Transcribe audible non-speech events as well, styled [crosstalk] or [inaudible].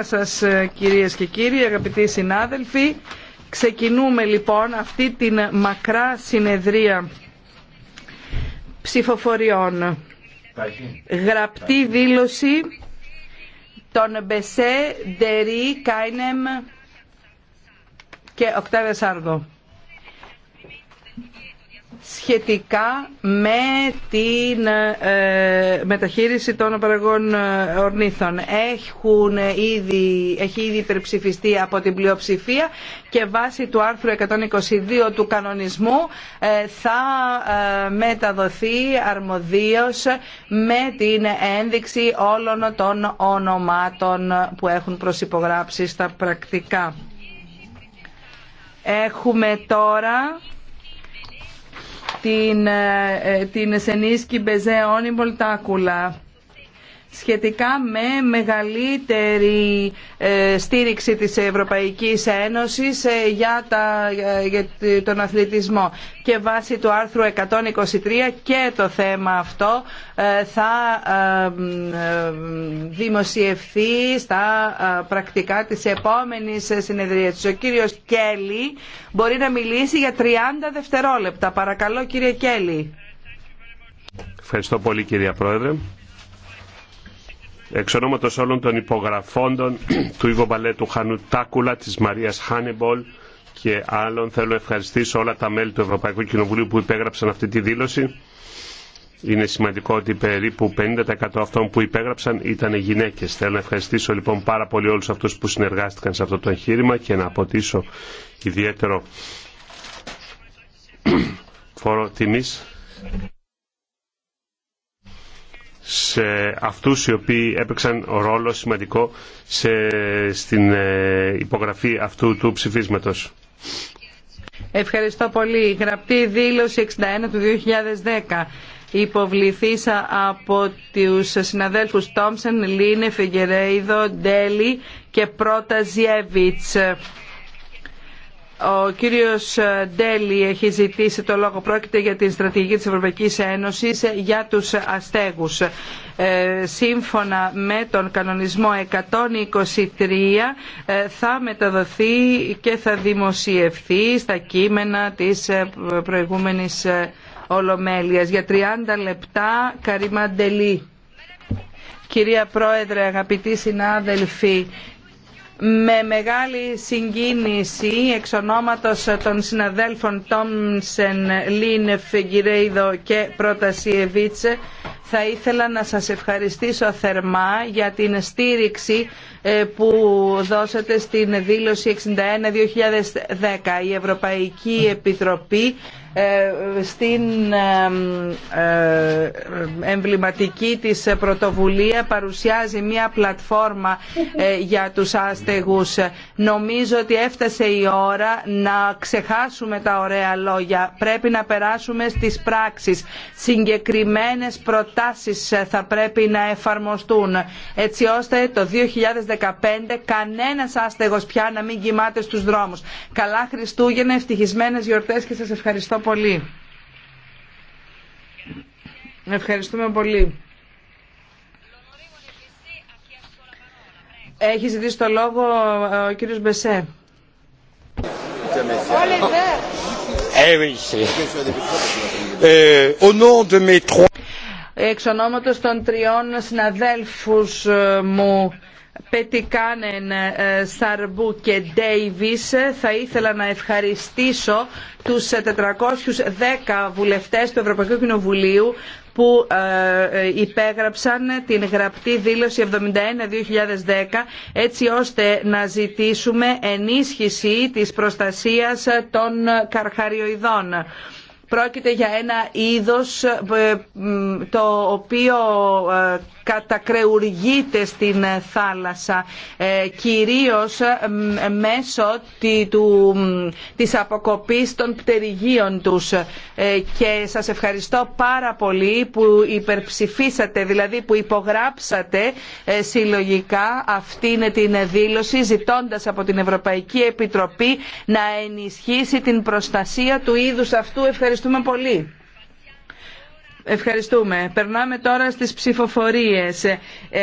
σας ε, κυρίες και κύριοι, αγαπητοί συνάδελφοι. Ξεκινούμε λοιπόν αυτή την μακρά συνεδρία ψηφοφοριών. Γραπτή δήλωση των Μπεσέ, Ντερί, Κάινεμ και Οκτάβια Σάρδο σχετικά με την ε, μεταχείριση των παραγών ε, ορνήθων. Έχουν ήδη, έχει ήδη υπερψηφιστεί από την πλειοψηφία και βάσει του άρθρου 122 του κανονισμού ε, θα μεταδοθεί αρμοδίως με την ένδειξη όλων των ονομάτων που έχουν προσυπογράψει στα πρακτικά. Έχουμε τώρα την, ε, ε, την Σενίσκη Μπεζέ Όνιμπολ Τάκουλα σχετικά με μεγαλύτερη ε, στήριξη της Ευρωπαϊκής Ένωσης ε, για, τα, ε, για τον αθλητισμό. Και βάσει του άρθρου 123 και το θέμα αυτό θα δημοσιευθεί στα πρακτικά της επόμενης συνεδρίας. Ο κύριος Κέλλη μπορεί να μιλήσει για 30 δευτερόλεπτα. Παρακαλώ κύριε Κέλλη. Ευχαριστώ πολύ κυρία Πρόεδρε εξ ονόματος όλων των υπογραφόντων του Ιβο Μπαλέτου Χανού Τάκουλα, της Μαρίας Χάνεμπολ και άλλων θέλω να ευχαριστήσω όλα τα μέλη του Ευρωπαϊκού Κοινοβουλίου που υπέγραψαν αυτή τη δήλωση. Είναι σημαντικό ότι περίπου 50% αυτών που υπέγραψαν ήταν γυναίκες. Θέλω να ευχαριστήσω λοιπόν πάρα πολύ όλους αυτούς που συνεργάστηκαν σε αυτό το εγχείρημα και να αποτίσω ιδιαίτερο [clears throat] φόρο τιμής σε αυτούς οι οποίοι έπαιξαν ρόλο σημαντικό σε, στην ε, υπογραφή αυτού του ψηφίσματος. Ευχαριστώ πολύ. Γραπτή δήλωση 61 του 2010 υποβληθήσα από τους συναδέλφους Τόμσεν, Λίνε, Φεγγερέιδο, Ντέλη και πρώτα ο κύριος Ντέλη έχει ζητήσει το λόγο. Πρόκειται για την στρατηγική της Ευρωπαϊκής Ένωσης για τους αστέγους. Ε, σύμφωνα με τον κανονισμό 123 ε, θα μεταδοθεί και θα δημοσιευθεί στα κείμενα της ε, προηγούμενης Ολομέλειας. Για 30 λεπτά Καρίμα Ντελή. Κυρία Πρόεδρε, αγαπητοί συνάδελφοι, με μεγάλη συγκίνηση εξ ονόματος των συναδέλφων Τόμσεν, Λίνεφ, Γκυρέιδο και Πρότασιεβίτσε θα ήθελα να σας ευχαριστήσω θερμά για την στήριξη ε, που δώσατε στην δήλωση 61-2010. Η Ευρωπαϊκή Επιτροπή ε, στην ε, ε, εμβληματική της πρωτοβουλία παρουσιάζει μια πλατφόρμα για τους άστεγους. Νομίζω ότι έφτασε η ώρα να ξεχάσουμε τα ωραία λόγια. Πρέπει να περάσουμε στις πράξεις. Συγκεκριμένες προτάσεις θα πρέπει να εφαρμοστούν έτσι ώστε το 2015 κανένας άστεγος πια να μην κοιμάται στους δρόμους. Καλά Χριστούγεννα, ευτυχισμένες γιορτές και σας ευχαριστώ πολύ. Ευχαριστούμε πολύ. Έχει ζητήσει το λόγο ε, ο κύριος Μπεσέ. Ε, Εξ ονόματος των τριών συναδέλφους ε, μου Πετικάνεν, ε, Σαρμπού και Ντέιβις θα ήθελα να ευχαριστήσω τους 410 βουλευτές του Ευρωπαϊκού Κοινοβουλίου που ε, ε, υπέγραψαν την γραπτή δήλωση 71-2010 έτσι ώστε να ζητήσουμε ενίσχυση της προστασίας των καρχαριοειδών Πρόκειται για ένα είδος ε, το οποίο ε, κατακρεουργείται στην ε, θάλασσα κυρίως μέσω της αποκοπής των πτερυγίων τους και σας ευχαριστώ πάρα πολύ που υπερψηφίσατε δηλαδή που υπογράψατε συλλογικά αυτήν την δήλωση ζητώντας από την Ευρωπαϊκή Επιτροπή να ενισχύσει την προστασία του είδους αυτού. Ευχαριστώ Ευχαριστούμε πολύ. Ευχαριστούμε. Περνάμε τώρα στις ψηφοφορίες. Ε,